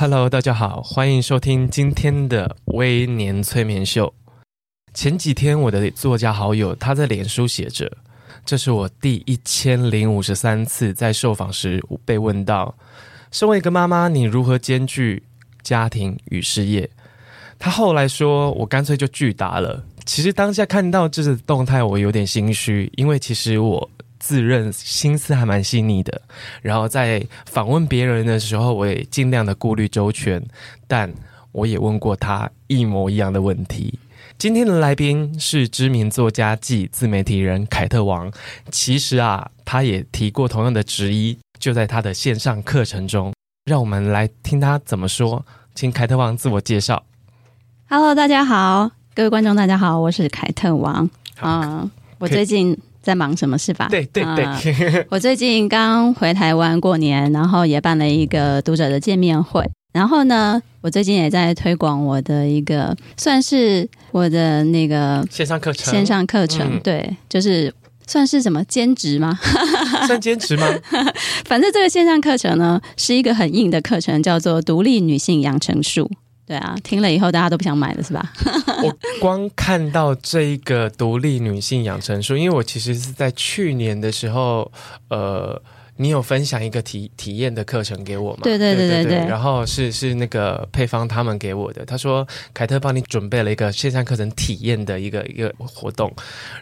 Hello，大家好，歡迎收聽今天的微年催眠秀。前幾天我的作家好友他在臉書寫着：“這是我第一千零五十三次在受訪時我被問到，身為一個媽媽，你如何兼具家庭與事業？”他後來說：“我乾脆就拒答了。”其實當下看到這個動態，我有點心虛，因為其實我。自認心思還蠻細膩的，然後在訪問別人的時候，我也盡量的顧慮周全。但我也問過他一模一樣的問題。今天的來賓是知名作家暨自媒體人凱特王，其實啊，他也提過同樣的質疑，就在他的線上課程中。讓我們來聽他怎麼說，請凱特王自我介紹。Hello，大家好，各位觀眾，大家好，我是凱特王。啊，Okay. Uh, 我最近在忙什麼事吧？對對對、呃，我最近剛回台灣過年，然後也辦了一個讀者的見面會。然後呢，我最近也在推廣我的一個，算是我的那個線上課程。嗯、線上課程，對，就是算是什麼兼職嗎？ 算兼職嗎？反正這個線上課程呢，是一個很硬的課程，叫做《獨立女性養成術》。對啊，聽了以後大家都不想買了，是吧？ 我光看到這一個獨立女性養成術，因為我其實是在去年的時候，呃。你有分享一個體體驗的課程給我嗎？對對對對對。對對對對，然後是是那個配方他們給我的，他說凱特幫你準備了一個線上課程體驗的一個一個活動，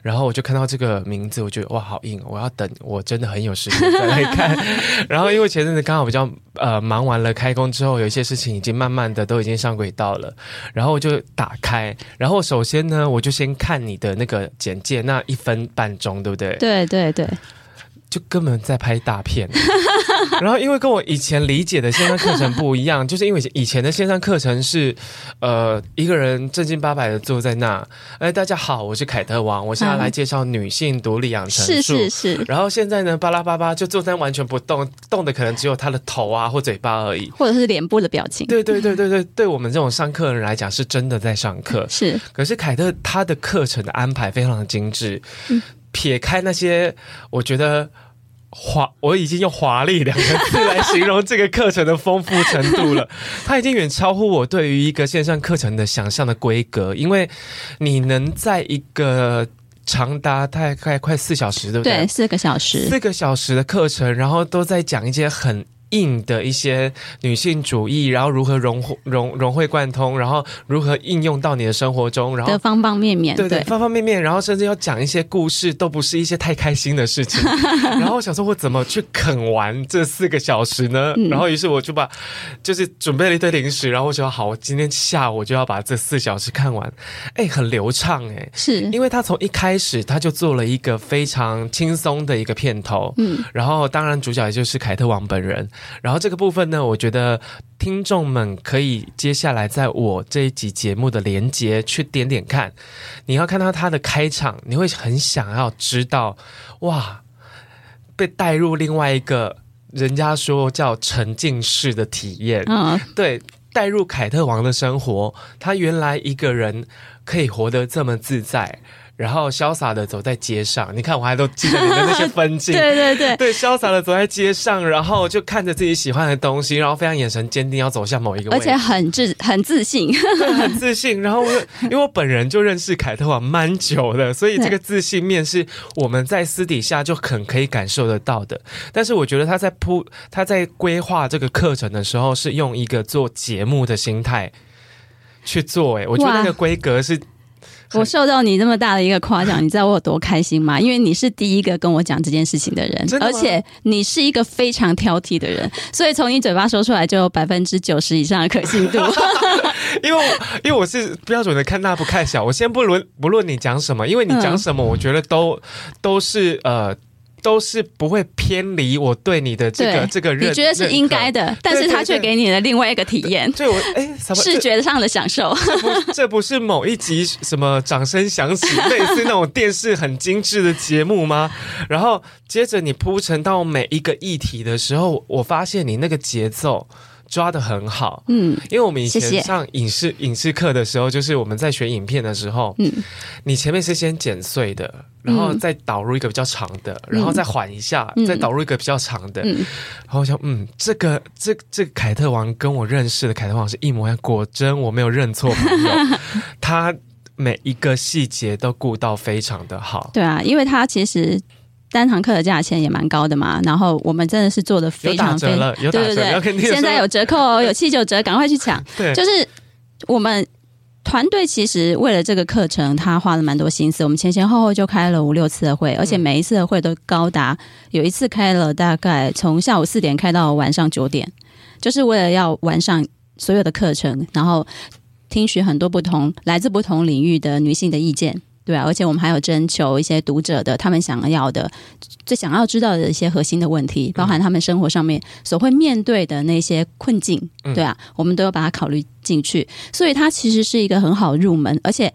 然後我就看到這個名字，我覺得哇好硬，我要等，我真的很有時間再來看。 然後因為前陣子剛好比較呃忙完了開工之後，有一些事情已經慢慢的都已經上軌道了，然後我就打開，然後首先呢我就先看你的那個簡介那一分半鐘，對不對？對對對。就根本在拍大片，欸， 然後因為跟我以前理解的線上課程不一樣，就是因為以前的線上課程是，呃，一個人正經八百的坐在那，哎，大家好，我是凱特王，我現在來介紹女性獨立養成術、嗯、是是是。然後現在呢，巴拉巴巴就坐在完全不動，動的可能只有他的頭啊或嘴巴而已，或者是臉部的表情。對對對對對，對我們這種上課的人來講，是真的在上課。是。可是凱特他的課程的安排非常的精致。嗯撇開那些，我覺得華，我已經用“華麗”兩個字來形容這個課程的豐富程度了。 它已經遠超乎我對於一個線上課程的想象的規格，因為你能在一個長達大概快四小時，對不對？對，四個小時，四個小時的課程，然後都在講一些很。硬的一些女性主義，然後如何融融融會貫通，然後如何應用到你的生活中，然後的方方面面，對，對，方方面面，對然後甚至要講一些故事，都不是一些太開心的事情。 然後我想說，我怎麼去啃完這四個小時呢？ 然後於是我就把就是準備了一堆零食，然後我就說好，我今天下午就要把這四小時看完。哎、欸，很流暢哎、欸，是。因為他從一開始他就做了一個非常輕鬆的一個片頭， 嗯，然後當然主角也就是凱特王本人。然後這個部分呢，我覺得聽眾們可以接下來在我這一集節目的連結去點點看。你要看到他的開場，你會很想要知道，哇，被帶入另外一個人家說叫沉浸式的體驗，Oh. 對，帶入凱特王的生活，他原來一個人可以活得這麼自在。然後瀟灑的走在街上，你看我還都記得你的那些風景， 對對對，對瀟灑的走在街上，然後就看着自己喜歡的東西，然後非常眼神堅定要走向某一個位置，而且很自很自信， 很自信。然後我因為我本人就認識凱特王蠻久的，所以這個自信面是我們在私底下就很可以感受得到的。對但是我覺得他在鋪他在規劃這個課程的時候是用一個做節目的心態去做，欸，哎，我覺得那個規格是。我受到你這麼大的一個誇獎，你知道我有多開心嗎？因為你是第一個跟我講這件事情的人，真的嗎？而且你是一個非常挑剔的人，所以從你嘴巴說出來就有百分之九十以上的可信度。 因為我，因為我是標準的看大不看小，我先不論不論你講什麼，因為你講什麼，我覺得都都是呃。都是不會偏離我對你的這個對這個認，認你覺得是應該的，但是他卻給你了另外一個體驗，對，對，對，哎，視覺上的享受， 這，這不這不是某一集什麼掌聲響起，類似那種電視很精致的節目嗎？ 然後接着你鋪陳到每一個議題的時候，我發現你那個節奏。抓得很好，嗯，因為我們以前上影視謝謝影視課的時候，就是我們在學影片的時候，嗯、你前面是先剪碎的，然後再導入一個比較長的，然後再緩一下，嗯、再導入一個比較長的，嗯、然後我想，嗯，這個這個、這個、凱特王跟我認識的凱特王是一模一樣，果真我沒有認錯朋友，他 每一個細節都顧到非常的好，對啊，因為他其實。單堂課的價錢也蠻高的嘛，然後我們真的是做的非常非常，對對對，不，現在有折扣哦，有七九折，趕快去搶。 對就是我們團隊其實為了這個課程，他花了蠻多心思。我們前前後後就開了五六次的會，而且每一次的會都高達，有一次開了大概從下午四點開到晚上九點，就是為了要完善所有的課程，然後聽取很多不同來自不同領域的女性的意見。對啊，而且我們還有徵求一些讀者的他們想要的、最想要知道的一些核心的問題，包含他們生活上面所會面對的那些困境，嗯、對啊，我們都要把它考慮進去，所以它其實是一個很好入門，而且。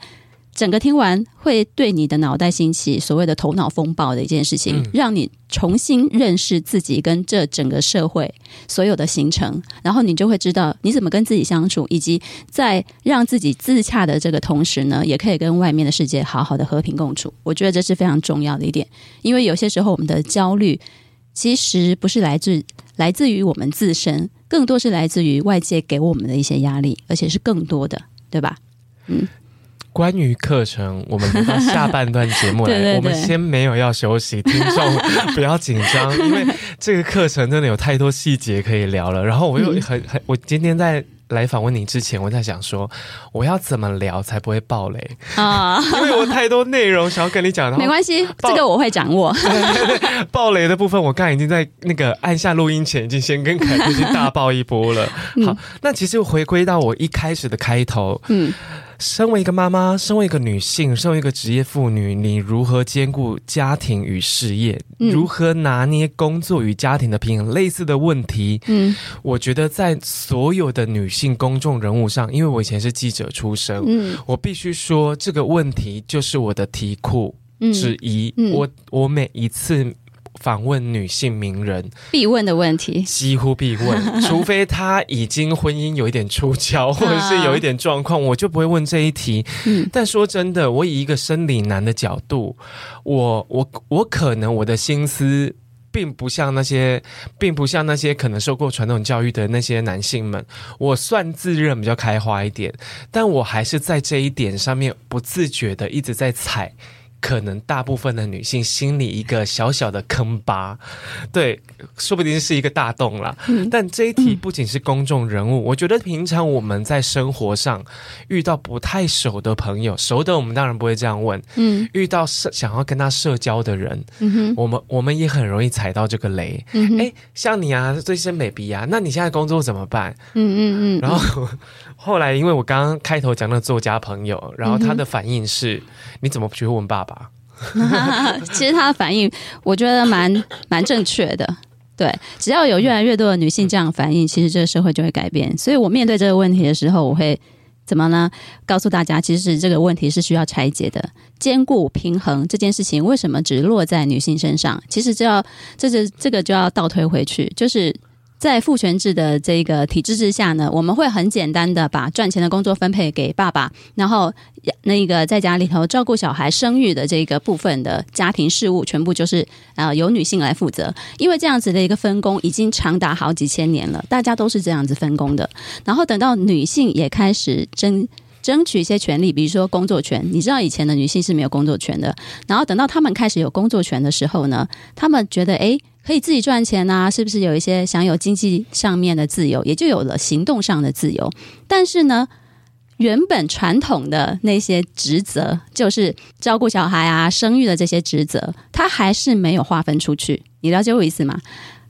整個聽完會對你的腦袋興起所謂的頭腦風暴的一件事情，嗯、讓你重新認識自己跟這整個社會所有的形成，然後你就會知道你怎麼跟自己相處，以及在讓自己自洽的這個同時呢，也可以跟外面的世界好好的和平共處。我覺得這是非常重要的一點，因為有些時候我們的焦慮其實不是來自來自於我們自身，更多是來自於外界給我們的一些壓力，而且是更多的，對吧？嗯。關於課程，我們留到下半段節目來。 對對對，我們先沒有要休息，聽眾不要緊張， 因為這個課程真的有太多細節可以聊了。然後我又很很，嗯、我今天在來訪問你之前，我在想說我要怎麼聊才不會爆雷啊？哦、因為我太多內容想要跟你講的話沒關係，暴這個我會掌握。爆 雷的部分，我剛，剛已經在那個按下錄音前已經先跟凱夫去 大爆一波了。好，嗯、那其實回歸到我一開始的開頭，嗯。身為一個媽媽，身為一個女性，身為一個職業婦女，你如何兼顧家庭與事業？嗯、如何拿捏工作與家庭的平衡？類似的問題，嗯、我覺得在所有的女性公眾人物上，因為我以前是記者出身，嗯、我必須說這個問題就是我的題庫之一，之質疑，我我每一次。訪問女性名人必問的問題，幾乎必問，除非她已經婚姻有一點出橋， 或者是有一點狀況，我就不會問這一題。嗯，但說真的，我以一個生理男的角度，我我我可能我的心思並不像那些，並不像那些可能受過傳統教育的那些男性們，我算自認比較開花一點，但我還是在這一點上面不自覺的一直在踩。可能大部分的女性心裡一個小小的坑吧，對，說不定是一個大洞了。嗯、但這一題不僅是公眾人物，嗯、我覺得平常我們在生活上遇到不太熟的朋友，熟的我們當然不會這樣問。嗯，遇到社，想要跟他社交的人，嗯、哼我們我們也很容易踩到這個雷。嗯哼，哎、欸，像你啊，最深美鼻啊，那你現在工作怎麼辦？嗯，嗯嗯嗯。然後後來，因為我剛剛開頭講的作家朋友，然後他的反應是：嗯、哼你怎麼不去問爸爸？ 其實她的反應，我覺得蠻蠻正確的。對，只要有越來越多的女性這樣反應，其實這個社會就會改變。所以我面對這個問題的時候，我會怎麼呢？告訴大家，其實這個問題是需要拆解的，兼顧平衡這件事情，為什麼只落在女性身上？其實就要，這個，這個就要倒推回去，就是。在父權制的這個體制之下呢，我們會很簡單的把賺錢的工作分配給爸爸，然後那個在家裡頭照顧小孩、生育的這個部分的家庭事務，全部就是啊，由女性來負責。因為這樣子的一個分工已經長達好幾千年了，大家都是這樣子分工的。然後等到女性也開始爭爭取一些權利，比如說工作權。你知道以前的女性是沒有工作權的，然後等到她們開始有工作權的時候呢，她們覺得哎、誒、可以自己賺錢吶、啊，是不是有一些享有經濟上面的自由，也就有了行動上的自由。但是呢，原本傳統的那些職責，就是照顧小孩啊、生育的這些職責，他還是沒有劃分出去。你了解我意思嗎？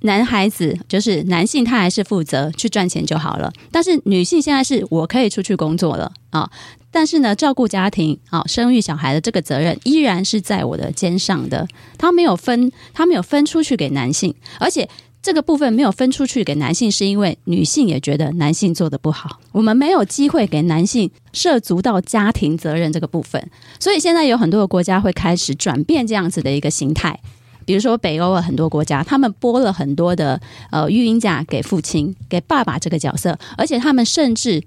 男孩子就是男性，他還是負責去賺錢就好了。但是女性現在是我可以出去工作了啊、哦，但是呢，照顧家庭啊、哦、生育小孩的這個責任依然是在我的肩上的。他沒有分，他沒有分出去給男性，而且這個部分沒有分出去給男性，是因為女性也覺得男性做得不好。我們沒有機會給男性涉足到家庭責任這個部分，所以現在有很多的國家會開始轉變這樣子的一個形態。比如說，北歐的很多國家，他們撥了很多的呃，育嬰假給父親、給爸爸這個角色，而且他們甚至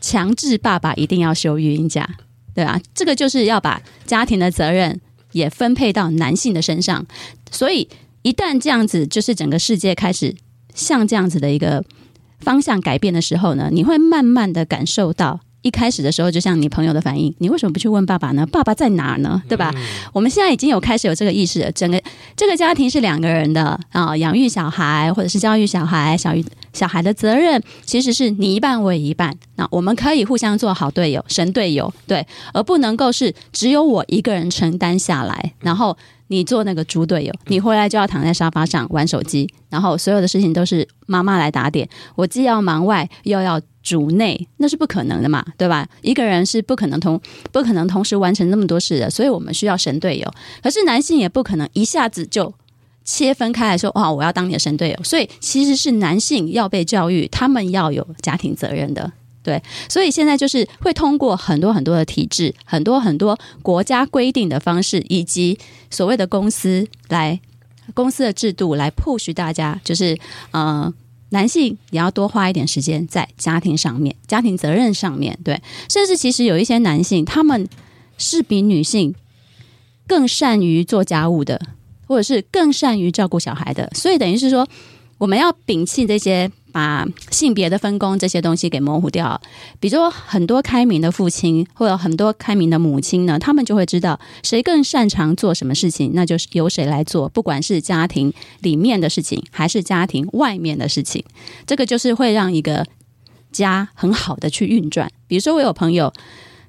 強制爸爸一定要休育嬰假，對啊，這個就是要把家庭的責任也分配到男性的身上。所以，一旦這樣子，就是整個世界開始向這樣子的一個方向改變的時候呢，你會慢慢的感受到。一開始的時候，就像你朋友的反應，你為什麼不去問爸爸呢？爸爸在哪兒呢？對吧？嗯嗯。我們現在已經有開始有這個意識了。整個這個家庭是兩個人的啊，養育小孩或者是教育小孩，小育小孩的責任其實是你一半我一半。那、啊、我們可以互相做好隊友、神隊友，對，而不能夠是只有我一個人承擔下來，然後。你做那個豬隊友，你回來就要躺在沙發上玩手機，然後所有的事情都是媽媽來打點。我既要忙外，又要主內，那是不可能的嘛，對吧？一個人是不可能同不可能同時完成那麼多事的，所以我們需要神隊友。可是男性也不可能一下子就切分開來說，哇，我要當你的神隊友。所以其實是男性要被教育，他們要有家庭責任的。對，所以現在就是會通過很多很多的體制、很多很多國家規定的方式，以及所謂的公司來公司的制度來 push 大家，就是呃，男性也要多花一點時間在家庭上面、家庭責任上面。對，甚至其實有一些男性，他們是比女性更善於做家務的，或者是更善於照顧小孩的，所以等於是說。我們要摒棄這些把性別的分工這些東西給模糊掉。比如說，很多開明的父親或者很多開明的母親呢，他們就會知道誰更擅長做什麼事情，那就是由誰來做，不管是家庭裡面的事情還是家庭外面的事情。這個就是會讓一個家很好的去運轉。比如說，我有朋友，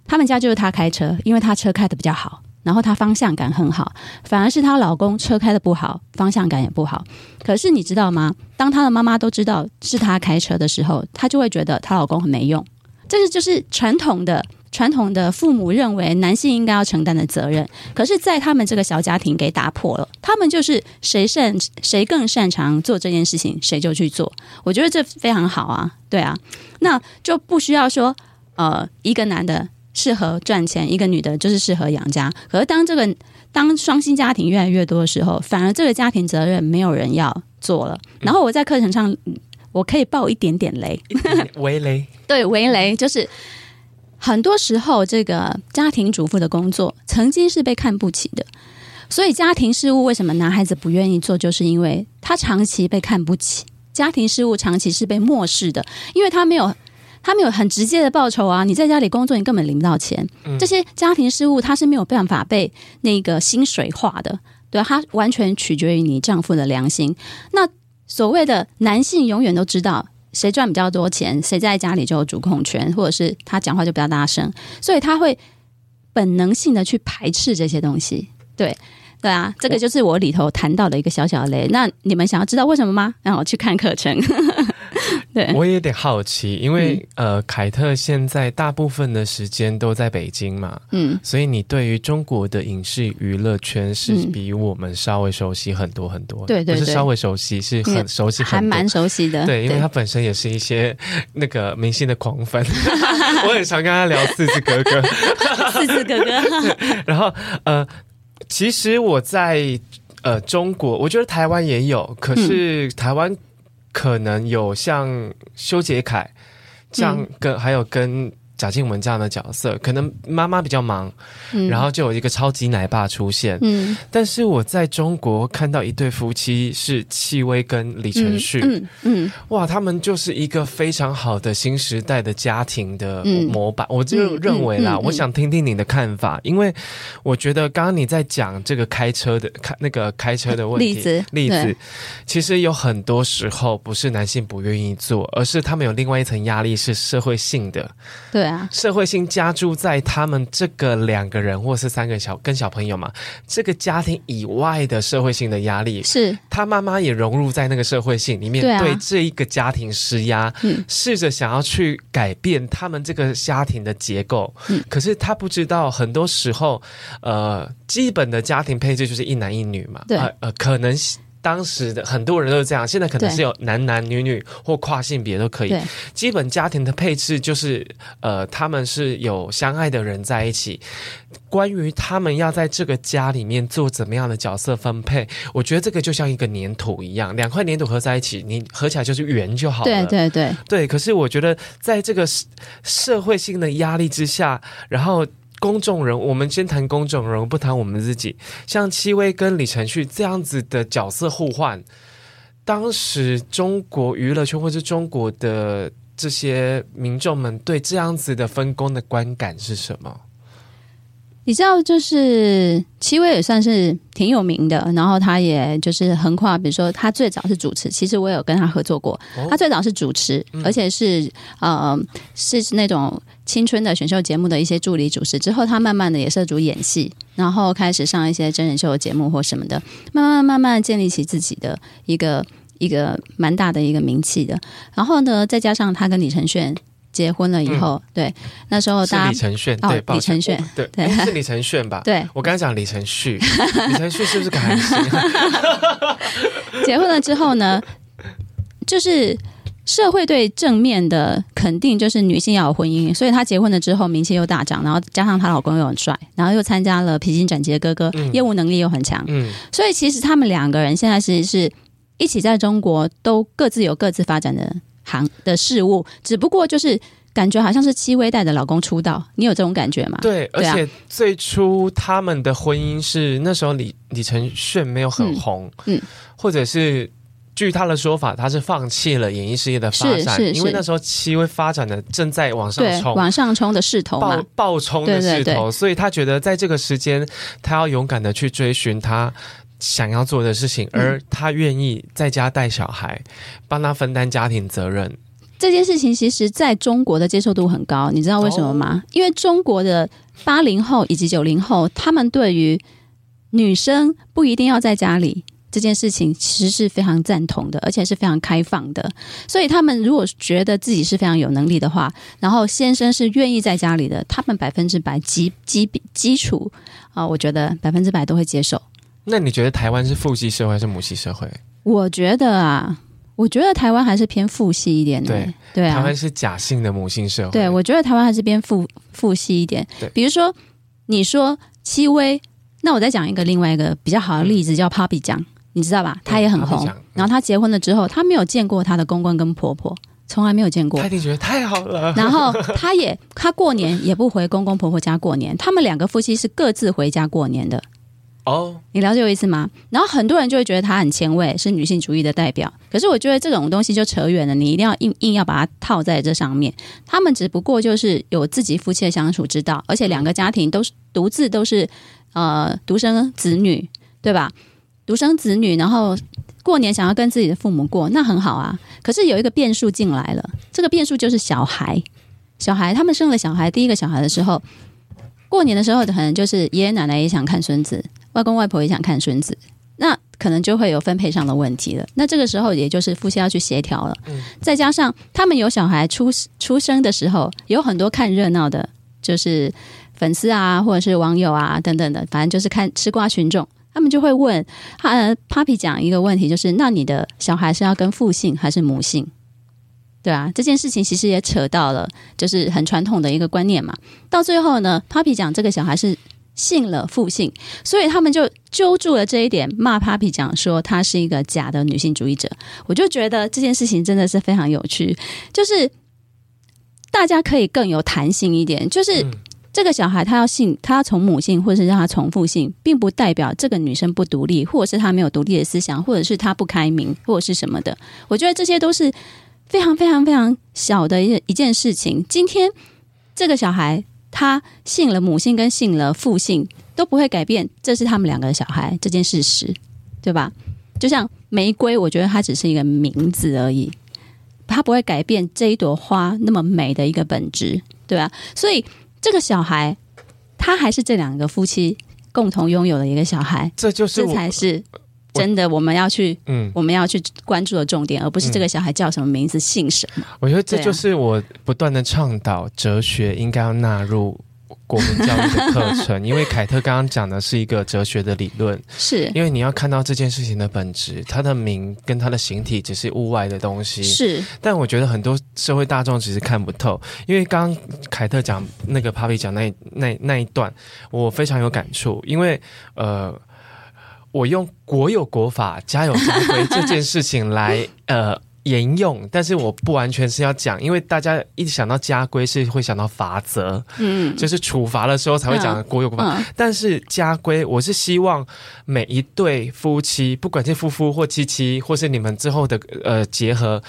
他們家就是他開車，因為他車開得比較好。然後她方向感很好，反而是她老公車開得不好，方向感也不好。可是你知道嗎？當她的媽媽都知道是她開車的時候，她就會覺得她老公很沒用。這是就是傳統的傳統的父母認為男性應該要承擔的責任。可是，在他們這個小家庭給打破了，他們就是誰擅誰更擅長做這件事情，誰就去做。我覺得這非常好啊，對啊，那就不需要說呃，一個男的。適合賺錢，一個女的，就是適合養家。可是當這個當雙薪家庭越來越多的時候，反而這個家庭責任沒有人要做了。嗯、然後我在課程上，我可以爆一點點雷，微雷 對，微雷，就是很多時候這個家庭主婦的工作曾經是被看不起的，所以家庭事務為什麼男孩子不願意做，就是因為他長期被看不起，家庭事務長期是被漠視的，因為他沒有。他沒有很直接的報酬啊！你在家裡工作，你根本領不到錢。這些家庭事務，它是沒有辦法被那個薪水化的，對吧、啊？它完全取決於你丈夫的良心。那所謂的男性永遠都知道誰賺比較多錢，誰在家裡就有主控權，或者是他講話就比較大聲，所以他會本能性的去排斥這些東西。對，對啊，對，這個就是我裡頭談到的一個小小的雷。那你們想要知道為什麼嗎？讓我去看課程。對我也有點好奇，因為、嗯、呃，凱特現在大部分的時間都在北京嘛，嗯，所以你對於中國的影視娛樂圈是比我們稍微熟悉很多很多，對對、嗯，不是稍微熟悉，嗯、是很熟悉很多，還蠻熟悉的，對，因為他本身也是一些那個明星的狂粉，對 我很常跟他聊四字哥哥， 四字哥哥。 然後呃，其實我在呃中國，我覺得台灣也有，可是台灣、嗯。可能有像修杰楷，這樣跟、嗯、還有跟，賈靜雯這樣的角色，可能媽媽比較忙，嗯、然後就有一個超級奶爸出現。嗯，但是我在中國看到一對夫妻是戚薇跟李承鉉、嗯，嗯，嗯哇，他們就是一個非常好的新時代的家庭的模板。嗯、我就認為啦，嗯嗯、我想聽聽你的看法，嗯嗯嗯、因為我覺得剛剛你在講這個開車的開那個開車的問題例子，例子對其實有很多時候不是男性不願意做，而是他們有另外一層壓力是社會性的，對。社會性加注在他們這個兩個人或是三個小跟小朋友嘛，這個家庭以外的社會性的壓力，是他媽媽也融入在那個社會性裡面，對這一個家庭施壓，啊、試着想要去改變他們這個家庭的結構，嗯、可是他不知道，很多時候，呃，基本的家庭配置就是一男一女嘛，對呃，可能當時的很多人都是這樣，現在可能是有男男女女或跨性別都可以。對基本家庭的配置就是，呃，他們是有相愛的人在一起。關於他們要在這個家裡面做怎麼樣的角色分配，我覺得這個就像一個粘土一樣，兩塊粘土合在一起，你合起來就是圓就好了。對對對，對。可是我覺得，在這個社會性的壓力之下，然後。公眾人物，我們先談公眾人物，不談我們自己。像戚薇跟李承鉉這樣子的角色互換，當時中國娛樂圈或者中國的這些民眾們對這樣子的分工的觀感是什麼？你知道，就是戚薇也算是挺有名的，然後他也就是橫跨，比如說他最早是主持，其實我有跟他合作過，他最早是主持，而且是呃是那種青春的選秀節目的一些助理主持，之後他慢慢的也涉足演戲，然後開始上一些真人秀節目或什麼的，慢慢慢慢建立起自己的一個一個蠻大的一個名氣的，然後呢，再加上他跟李承鉉。結婚了以後，嗯、對那時候大李承鉉，對李承鉉，對是李承鉉吧，哦哦？對，我剛講李承旭，李承旭是不是，啊？ 結婚了之後呢，就是社會對正面的肯定，就是女性要有婚姻，所以她結婚了之後，名氣又大漲，然後加上她老公又很帥，然後又參加了《披荊斬棘》的哥哥，嗯，業務能力又很強，嗯，所以其實他們兩個人現在是是一起在中國都各自有各自發展的。行的事物，只不過就是感覺好像是戚薇帶着老公出道，你有這種感覺嗎？對，而且最初他們的婚姻是那時候李李承铉沒有很紅，嗯，嗯或者是據他的說法，他是放棄了演藝事業的發展，因為那時候戚薇發展的正在往上衝，往上衝的勢頭嘛，爆爆衝的勢頭，所以他覺得在這個時間，他要勇敢的去追尋他。想要做的事情，而他願意在家帶小孩，幫、嗯、他分擔家庭責任，這件事情其實在中國的接受度很高。你知道為什麼嗎？Oh. 因為中國的八零後以及九零後，他們對於女生不一定要在家裡這件事情，其實是非常贊同的，而且是非常開放的。所以他們如果覺得自己是非常有能力的話，然後先生是願意在家裡的，他們百分之百基基基礎啊、呃，我覺得百分之百都會接受。那你覺得台灣是父系社會還是母系社會？我覺得啊，我覺得台灣還是偏父系一點。對對啊，台灣是假性的母性社會。對，我覺得台灣還是偏父父系一點。對，比如說你說戚薇，那我再講一個另外一個比較好的例子，叫 Papi 醬，你知道吧？她也很紅。然後她結婚了之後，她沒有見過她的公公跟婆婆，從來沒有見過。她一定覺得太好了。然後她也，她過年也不回公公婆婆家過年，他們兩個夫妻是各自回家過年的。哦，你了解我意思嗎？然後很多人就會覺得她很前衛，是女性主義的代表。可是我覺得這種東西就扯遠了，你一定要硬硬要把它套在這上面。他們只不過就是有自己夫妻的相處之道，而且兩個家庭都是獨自都是呃獨生子女，對吧？獨生子女，然後過年想要跟自己的父母過，那很好啊。可是有一個變數進來了，這個變數就是小孩。小孩，他們生了小孩，第一個小孩的時候，過年的時候可能就是爺爺奶奶也想看孫子。外公外婆也想看孫子，那可能就會有分配上的問題了。那這個時候，也就是夫妻要去協調了。嗯、再加上他們有小孩出出生的時候，有很多看熱鬧的，就是粉絲啊，或者是網友啊等等的，反正就是看吃瓜群眾。他們就會問，哈，呃，Papi 講一個問題，就是那你的小孩是要跟父姓還是母姓？對啊，這件事情其實也扯到了，就是很傳統的一個觀念嘛。到最後呢，Papi 講這個小孩是。姓了父姓，所以他們就揪住了這一點罵 Papi，講說他是一個假的女性主義者。我就覺得這件事情真的是非常有趣，就是大家可以更有彈性一點。就是、嗯、這個小孩他要姓，他要從母姓或者是讓他從父姓，並不代表這個女生不獨立，或者是他沒有獨立的思想，或者是他不開明，或者是什麼的。我覺得這些都是非常非常非常小的一一件事情。今天這個小孩。他姓了母姓跟姓了父姓都不會改變，這是他們兩個的小孩這件事實，對吧？就像玫瑰，我覺得它只是一個名字而已，它不會改變這一朵花那麼美的一個本質，對吧、啊？所以這個小孩，他還是這兩個夫妻共同擁有的一個小孩，這就是我，這才是。我真的，我們要去，嗯，我們要去關注的重點，而不是這個小孩叫什麼名字，嗯、姓什麼。我覺得這就是我不斷的倡導，哲學應該要納入國民教育的課程。 因為凱特剛剛講的是一個哲學的理論，是因為你要看到這件事情的本質，他的名跟他的形體只是物外的東西。是，但我覺得很多社會大眾其實看不透，因為剛凱特講那個 Papi 講那那那一段，我非常有感觸，因為呃。我用國有國法，家有家規這件事情來， 呃。沿用，但是我不完全是要講，因為大家一想到家規是會想到罰則。嗯，就是處罰的時候才會講的國有國法。嗯、但是家規，我是希望每一對夫妻，不管是夫夫或妻妻，或是你們之後的呃結合，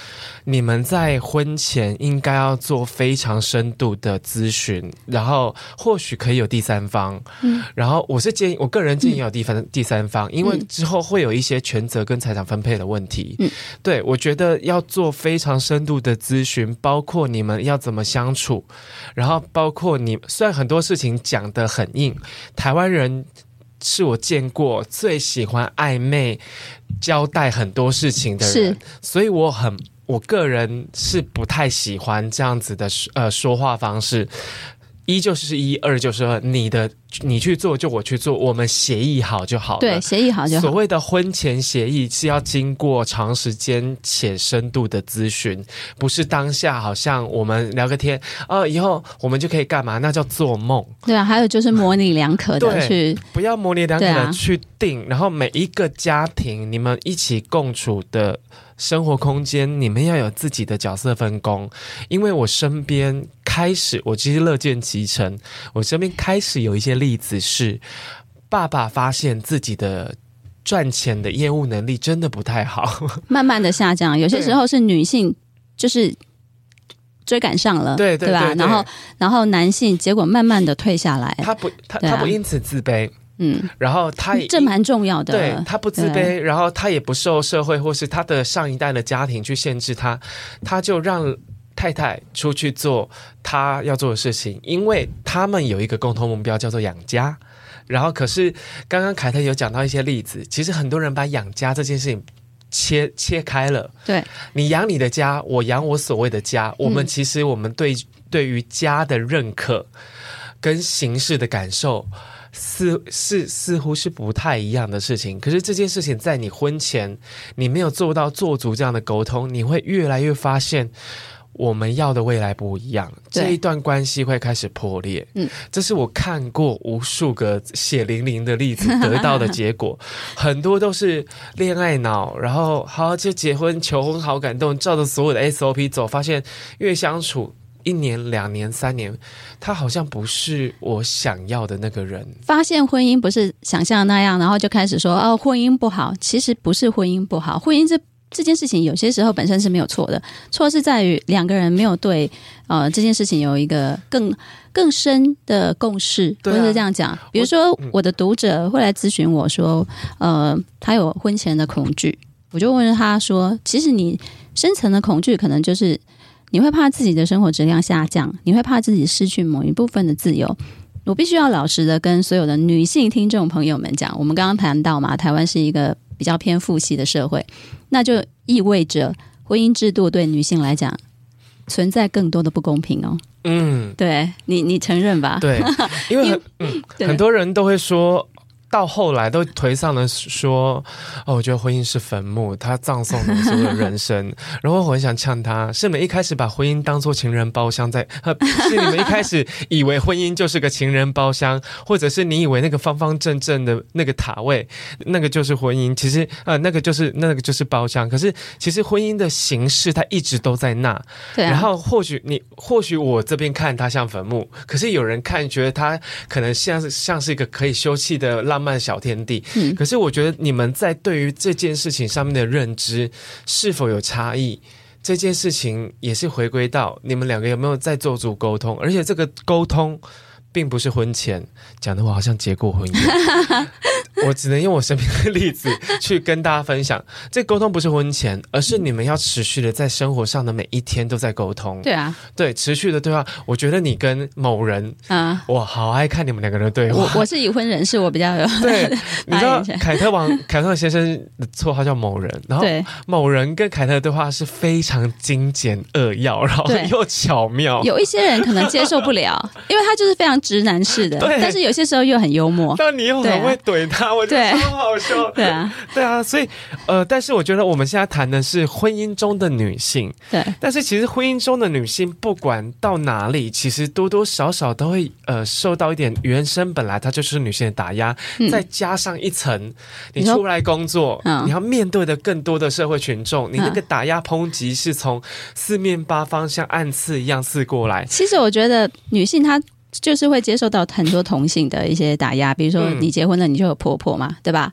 你們在婚前應該要做非常深度的諮詢，然後或許可以有第三方，嗯，然後我是建議我個人建議有第三第三方，嗯、因為之後會有一些權責跟財產分配的問題，嗯，對，我覺得。要做非常深度的諮詢，包括你們要怎麼相處，然後包括你，雖然很多事情講得很硬，台灣人是我見過最喜歡曖昧交代很多事情的人，是所以我很我個人是不太喜歡這樣子的呃說話方式。一就是一，二就是二。你的你去做，就我去做，我們協議好就好了。對，協議好就好。所謂的婚前協議是要經過長時間且深度的諮詢，不是當下好像我們聊個天啊、哦，以後我們就可以幹嘛？那叫做夢。對啊，還有就是模稜兩可的 對去，不要模稜兩可的、啊、去定。然後每一個家庭，你們一起共處的生活空間，你們要有自己的角色分工。因為我身邊。開始，我其實樂見其成。我身邊開始有一些例子是，爸爸發現自己的賺錢的業務能力真的不太好，慢慢的下降。有些時候是女性就是追趕上了，對對吧？對對對。然後然後男性結果慢慢的退下來。他不他、啊、他不因此自卑，嗯。然後他也這蠻重要的，嗯、對他不自卑，對然後他也不受社會或是他的上一代的家庭去限制他，他就讓。太太出去做她要做的事情，因為他們有一個共同目標，叫做養家。然後，可是剛剛凱特有講到一些例子，其實很多人把養家這件事情切切開了。對。你養你的家，我養我所謂的家。我們其實我們對、嗯、對於家的認可跟形式的感受，似是，是，似乎是不太一樣的事情。可是這件事情在你婚前，你沒有做到做足這樣的溝通，你會越來越發現。我們要的未來不一樣，這一段關係會開始破裂。嗯對，這是我看過無數個血淋淋的例子得到的結果， 很多都是戀愛腦，然後好就結婚求婚好感動，照着所有的 SOP 走，發現越相處一年兩年三年，他好像不是我想要的那個人。發現婚姻不是想象那樣，然後就開始說哦，婚姻不好。其實不是婚姻不好，婚姻是。這件事情有些時候本身是沒有錯的，錯是在於兩個人沒有對呃這件事情有一個更更深的共識，或者對、啊、這樣講。比如說我的讀者會來諮詢我說，我嗯、呃，他有婚前的恐懼，我就問他說，其實你深層的恐懼可能就是你會怕自己的生活質量下降，你會怕自己失去某一部分的自由。我必須要老實的跟所有的女性聽眾朋友們講，我們剛剛談到嘛，台灣是一個。比較偏父系的社會，那就意味着婚姻制度對女性來講存在更多的不公平哦。嗯，對，你，你承認吧？對，因為很 you,、嗯、很多人都會說。到後來都頹喪的說：“哦，我覺得婚姻是墳墓，它葬送了我整個人生。” 然後我很想嗆他：“是你們一開始把婚姻當作情人包廂在，呃，是你們一開始以為婚姻就是個情人包廂，或者是你以為那個方方正正的那個塔位，那個就是婚姻？其實，呃，那個就是那個就是包廂。可是，其實婚姻的形式它一直都在那。然後，或許你，或許我這邊看它像墳墓，可是有人看覺得它可能像像是一個可以休憩的浪漫、嗯、小天地，可是我覺得你們在對於這件事情上面的認知是否有差異？這件事情也是回歸到你們兩個有沒有在做足溝通，而且這個溝通並不是婚前講的話，好像結過婚一樣。 我只能用我身邊的例子去跟大家分享，這溝通不是婚前，而是你們要持續的在生活上的每一天都在溝通。對啊，對，持續的對話。我覺得你跟某人啊，我好愛看你們兩個人的對話。我，我是已婚人士，我比較有對。你知道凱特王凱特先生的綽號叫某人，然後某人跟凱特的對話是非常精簡扼要，然後又巧妙。有一些人可能接受不了， 因為他就是非常直男式的，對但是有些時候又很幽默。那你又很會懟他。我對，超好笑，對啊， 對啊，所以，呃，但是我覺得我們現在談的是婚姻中的女性，對，但是其實婚姻中的女性不管到哪裡，其實多多少少都會呃受到一點原生本來她就是女性的打壓，嗯、再加上一層，你出來工作，你，說你要面對的更多的社會群眾，嗯、你那個打壓抨擊是從四面八方像暗刺一樣刺過來。其實我覺得女性她。就是會接受到很多同性的一些打壓，比如說你結婚了，你就有婆婆嘛，嗯、對吧？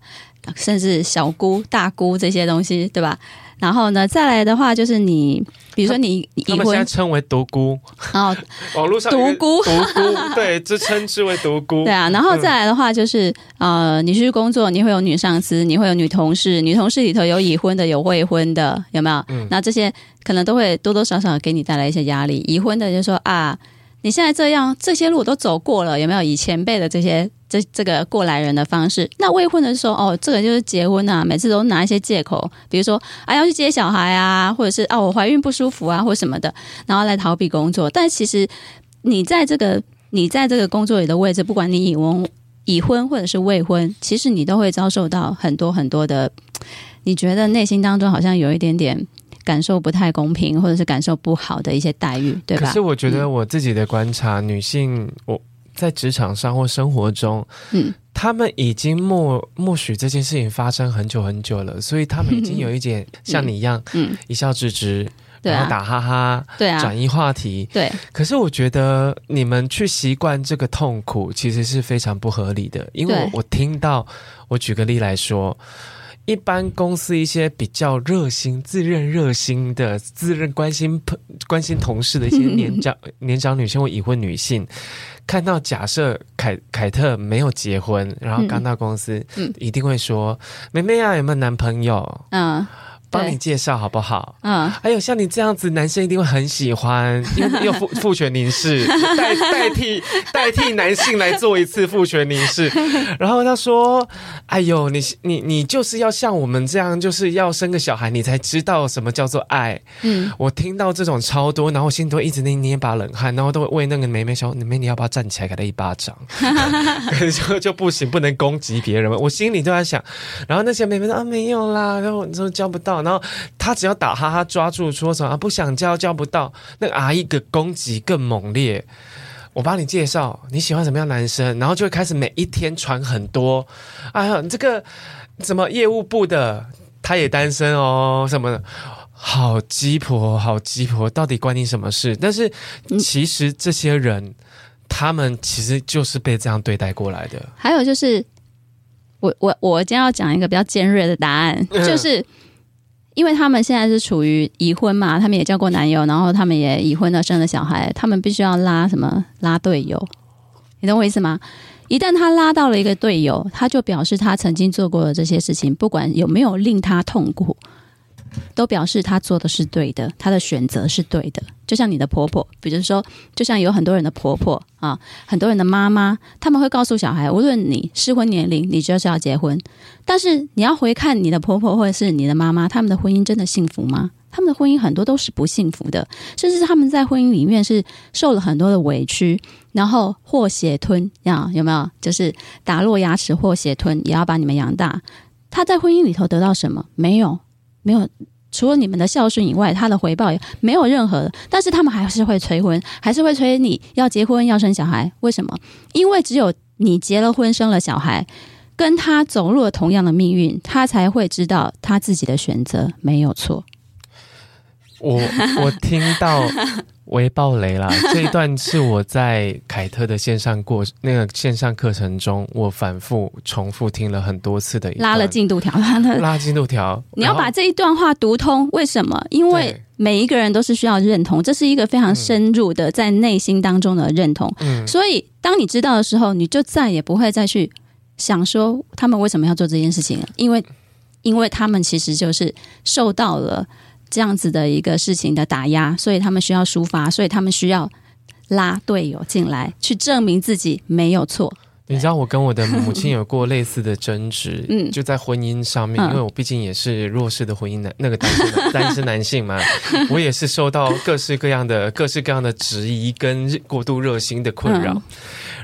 甚至小姑、大姑這些東西，對吧？然後呢，再來的話就是你，比如說你已婚，他他們現在稱為獨孤哦，網絡、哦、上獨孤，獨孤對，自稱之為獨孤。 對啊，然後再來的話就是、嗯、呃，你去工作，你會有女上司，你會有女同事，女同事裡頭有已婚的，有未婚的，有沒有？嗯，那這些可能都會多多少少給你帶來一些壓力。已婚的就是說啊。你現在這樣，這些路都走過了，有沒有以前輩的這些這這個過來人的方式？那未婚的時候哦，這個就是結婚啊，每次都拿一些借口，比如說啊要去接小孩啊，或者是啊我懷孕不舒服啊，或什麼的，然後來逃避工作。但其實你在這個你在這個工作裡的位置，不管你已婚已婚或者是未婚，其實你都會遭受到很多很多的，你覺得內心當中好像有一點點。感受不太公平，或者是感受不好的一些待遇，對吧？可是我覺得我自己的觀察，嗯、女性我在職場上或生活中，嗯，她們已經默默許這件事情發生很久很久了，所以她們已經有一點像你一樣，嗯，一笑置之，嗯、然後打哈哈，對啊、嗯，轉移話題，對，啊、對。可是我覺得你們去習慣這個痛苦，其實是非常不合理的，因為我，對我聽到，我舉個例來說。一般公司一些比較熱心、自認熱心的、自認關心、關心同事的一些年長、年長女性或已婚女性，看到假設凱凱特沒有結婚，然後剛到公司，嗯、一定會說：“嗯、妹妹啊，有沒有男朋友？”嗯。幫你介紹好不好？嗯，哎呦，像你這樣子，男生一定會很喜歡，又又父權凝視 代代替代替男性來做一次父權凝視。 然後他說：“哎呦，你你你就是要像我們這樣，就是要生個小孩，你才知道什麼叫做愛。”嗯，我聽到這種超多，然後我心裡都一直捏捏把冷汗，然後都會問那個妹妹說：“ 你妹妹，你要不要站起來給他一巴掌？”哈哈哈，就不行，不能攻擊別人，我心裡都在想，然後那些妹妹說：“啊，沒有啦，然後我說交不到。”然後他只要打哈哈抓住說什麼、啊、不想交交不到，那個阿姨的攻擊更猛烈。我幫你介紹，你喜歡什麼樣男生，然後就開始每一天傳很多。哎呀，你這個怎麼業務部的他也單身哦什麼的，好雞婆好雞婆，到底關你什麼事？但是其實這些人、嗯、他們其實就是被這樣對待過來的。還有就是，我我我今天要講一個比較尖銳的答案，就是。嗯因為他們現在是處於已婚嘛，他們也交過男友，然後他們也已婚了，生了小孩，他們必須要拉什麼拉隊友，你懂我意思嗎？一旦他拉到了一個隊友，他就表示他曾經做過的這些事情，不管有沒有令他痛苦。都表示他做的是對的，他的選擇是對的。就像你的婆婆，比如說，就像有很多人的婆婆啊，很多人的媽媽，他們會告訴小孩，無論你適婚年齡，你就是要結婚。但是你要回看你的婆婆或者是你的媽媽，他們的婚姻真的幸福嗎？他們的婚姻很多都是不幸福的，甚至他們在婚姻裡面是受了很多的委屈，然後和血吞，呀，有沒有？就是打落牙齒和血吞，也要把你們養大。他在婚姻裡頭得到什麼？沒有。沒有，除了你們的孝順以外，他的回報也沒有任何的。但是他們還是會催婚，還是會催你要結婚、要生小孩。為什麼？因為只有你結了婚、生了小孩，跟他走入了同樣的命運，他才會知道他自己的選擇沒有錯。我我聽到微爆雷了，這一段是我在凱特的線上過那個線上課程中，我反覆重複聽了很多次的，拉了進度條，拉了，拉進度條。你要把這一段話讀通，為什麼？因為每一個人都是需要認同，這是一個非常深入的、嗯、在內心當中的認同。嗯，所以當你知道的時候，你就再也不會再去想說他們為什麼要做這件事情了，因為因為他們其實就是受到了。這樣子的一個事情的打壓，所以他們需要抒發，所以他們需要拉隊友進來，去證明自己沒有錯。你知道我跟我的母親有過類似的爭執， 就在婚姻上面，嗯、因為我畢竟也是弱勢的婚姻男，嗯、那個單身的單身男性嘛，我也是受到各式各樣的、各式各樣的質疑跟過度熱心的困擾。嗯、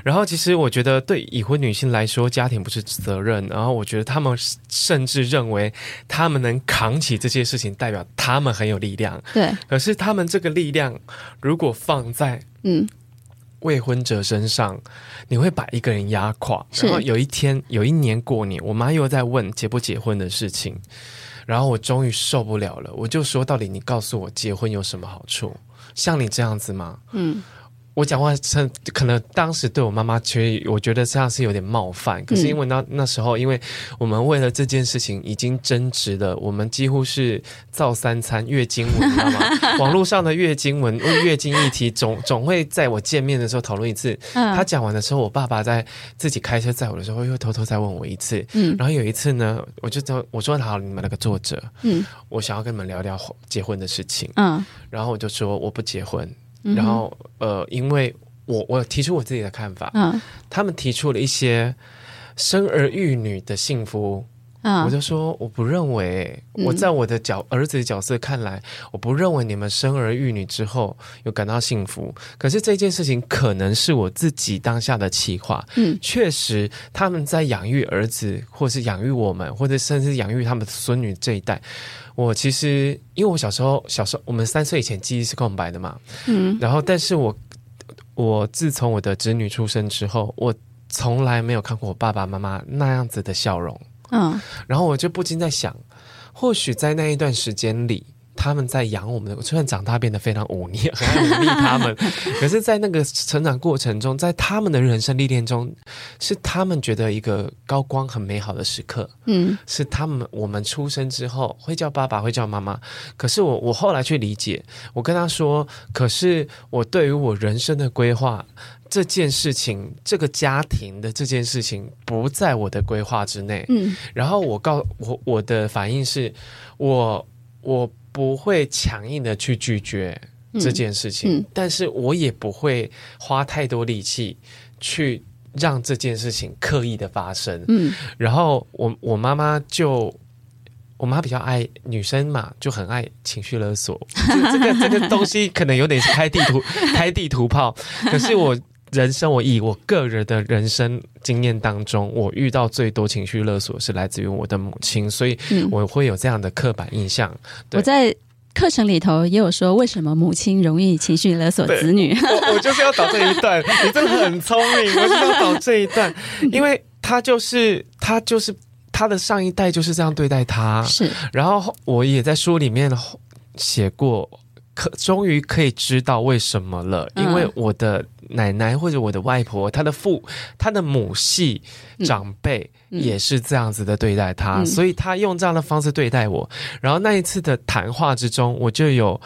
然後，其實我覺得對已婚女性來說，家庭不是責任。然後，我覺得他們甚至認為他們能扛起這些事情，代表他們很有力量。對，可是他們這個力量如果放在嗯，未婚者身上，你會把一個人壓垮。是然後有一天，有一年過年，我媽又在問結不結婚的事情，然後我終於受不了了，我就說：“到底你告訴我結婚有什麼好處？像你這樣子嗎？”嗯。我講話，可能當時對我媽媽，其實我覺得這樣是有點冒犯。可是因為那那時候，因為我們為了這件事情已經爭執了，我們幾乎是照三餐月經文，你知道嗎？網絡上的月經文， 月經議題總總會在我見面的時候討論一次。他講完的時候，我爸爸在自己開車載我的時候，又偷偷再問我一次。然後有一次呢，我就說：“我說，好，你們那個作者， 我想要跟你們聊聊結婚的事情。”然後我就說：“我不結婚。”然後，呃，因為我我提出我自己的看法，嗯，他們提出了一些生兒育女的幸福。我就說，我不認為我在我的角兒子的角色看來，嗯，我不認為你們生兒育女之後有感到幸福。可是這件事情可能是我自己當下的氣話。嗯，確實他們在養育兒子，或是養育我們，或者甚至養育他們的孫女這一代。我其實因為我小時候小時候我們三歲以前記憶是空白的嘛。嗯，然後但是我我自從我的侄女出生之後，我從來沒有看過我爸爸媽媽那樣子的笑容。嗯，然後我就不禁在想，或許在那一段時間裡，他們在養我們。我雖然長大變得非常忤逆，很忤逆他們， 可是在那個成長過程中，在他們的人生歷練中，是他們覺得一個高光很美好的時刻。嗯，是他們我們出生之後會叫爸爸，會叫媽媽。可是我我後來去理解，我跟他說，可是我對於我人生的規劃。這件事情，這個家庭的這件事情不在我的規劃之內。嗯、然後我告我我的反應是，我我不會強硬的去拒絕這件事情，嗯嗯、但是我也不會花太多力氣去讓這件事情刻意的發生。嗯、然後我我媽媽就，我媽比較愛女生嘛，就很愛情緒勒索， 這，這個這個東西可能有點是開地圖 開地圖炮，可是我。人生，我以我個人的人生經驗當中，我遇到最多情緒勒索是來自於我的母親，所以我會有這樣的刻板印象。嗯、我在課程裡頭也有說，為什麼母親容易情緒勒索子女？我我就是要到這一段， 你真的很聰明，我是要到這一段，因為他就是他就是他的上一代就是這樣對待他，是。然後我也在書裡面寫過，可終於可以知道為什麼了，因為我的。嗯奶奶或者我的外婆，她的父、她的母系長輩也是這樣子的對待她，嗯嗯、所以她用這樣的方式對待我。然後那一次的談話之中，我就有，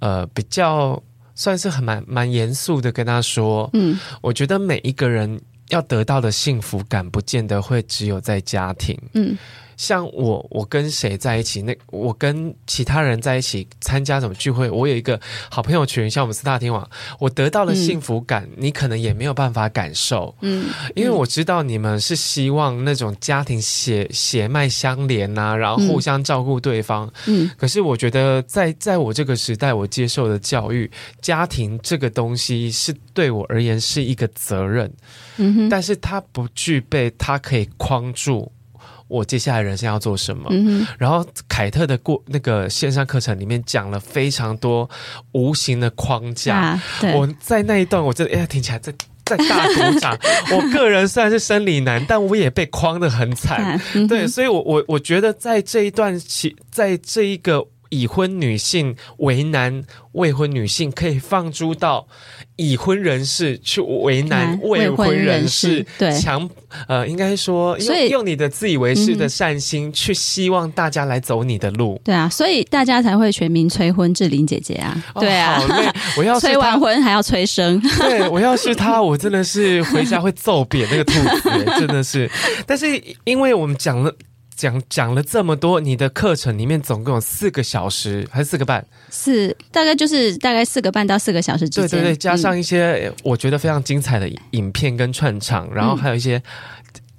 呃，比較算是很蠻蠻嚴肅的跟她說，嗯，我覺得每一個人要得到的幸福感，不見得會只有在家庭，嗯。像我，我跟誰在一起？那我跟其他人在一起參加什麼聚會？我有一個好朋友群，像我們四大天王，我得到了幸福感，嗯，你可能也沒有辦法感受，嗯，嗯因為我知道你們是希望那種家庭血血脈相連吶、啊，然後互相照顧對方，嗯，可是我覺得在在我這個時代，我接受的教育，家庭這個東西是對我而言是一個責任，嗯哼，但是它不具備，它可以框住。我接下來的人生要做什麼？嗯、哼然後凱特的過那個線上課程裡面講了非常多無形的框架。啊、我在那一段我，我真的哎呀聽起來在在大鼓掌。 我個人雖然是生理男，但我也被框得很慘。啊嗯、對，所以我，我我我覺得在這一段其在這一個。已婚女性為難未婚女性，可以放諸到已婚人士去為難、嗯、未婚人士，人士對強呃，應該說，用以用你的自以為是的善心、嗯、去希望大家來走你的路，對啊，所以大家才會全民催婚，志玲姐姐啊，對啊、哦。我要 催完婚還要催生， 對，我要是她，我真的是回家會揍扁那個兔子，真的是。但是因為我們講了。講講了這麼多，你的課程裡面總共有四個小時還是四個半？四，大概就是大概四個半到四個小時之間。對對對，加上一些我覺得非常精彩的影片跟串場，嗯、然後還有一些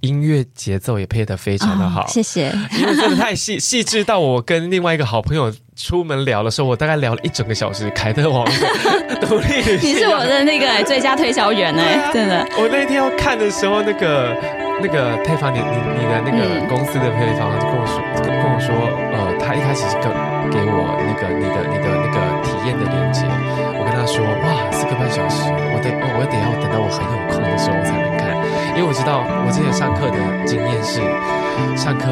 音樂節奏也配得非常的好。哦、謝謝，因為真的太細細致到，我跟另外一個好朋友出門聊的時候，我大概聊了一整個小時。凱特王 獨立，你是我的那個最佳推銷員呢、欸？真的、啊。我那天要看的時候，那個。那個配方，你你你的那個公司的配方，嗯、他就跟我說，跟我說，呃，他一開始給給我那個你的你的那個體驗的鏈接，我跟他說，哇，四個半小時，我得我得要等到我很有空的時候我才能看，因為我知道我之前上課的經驗是，上課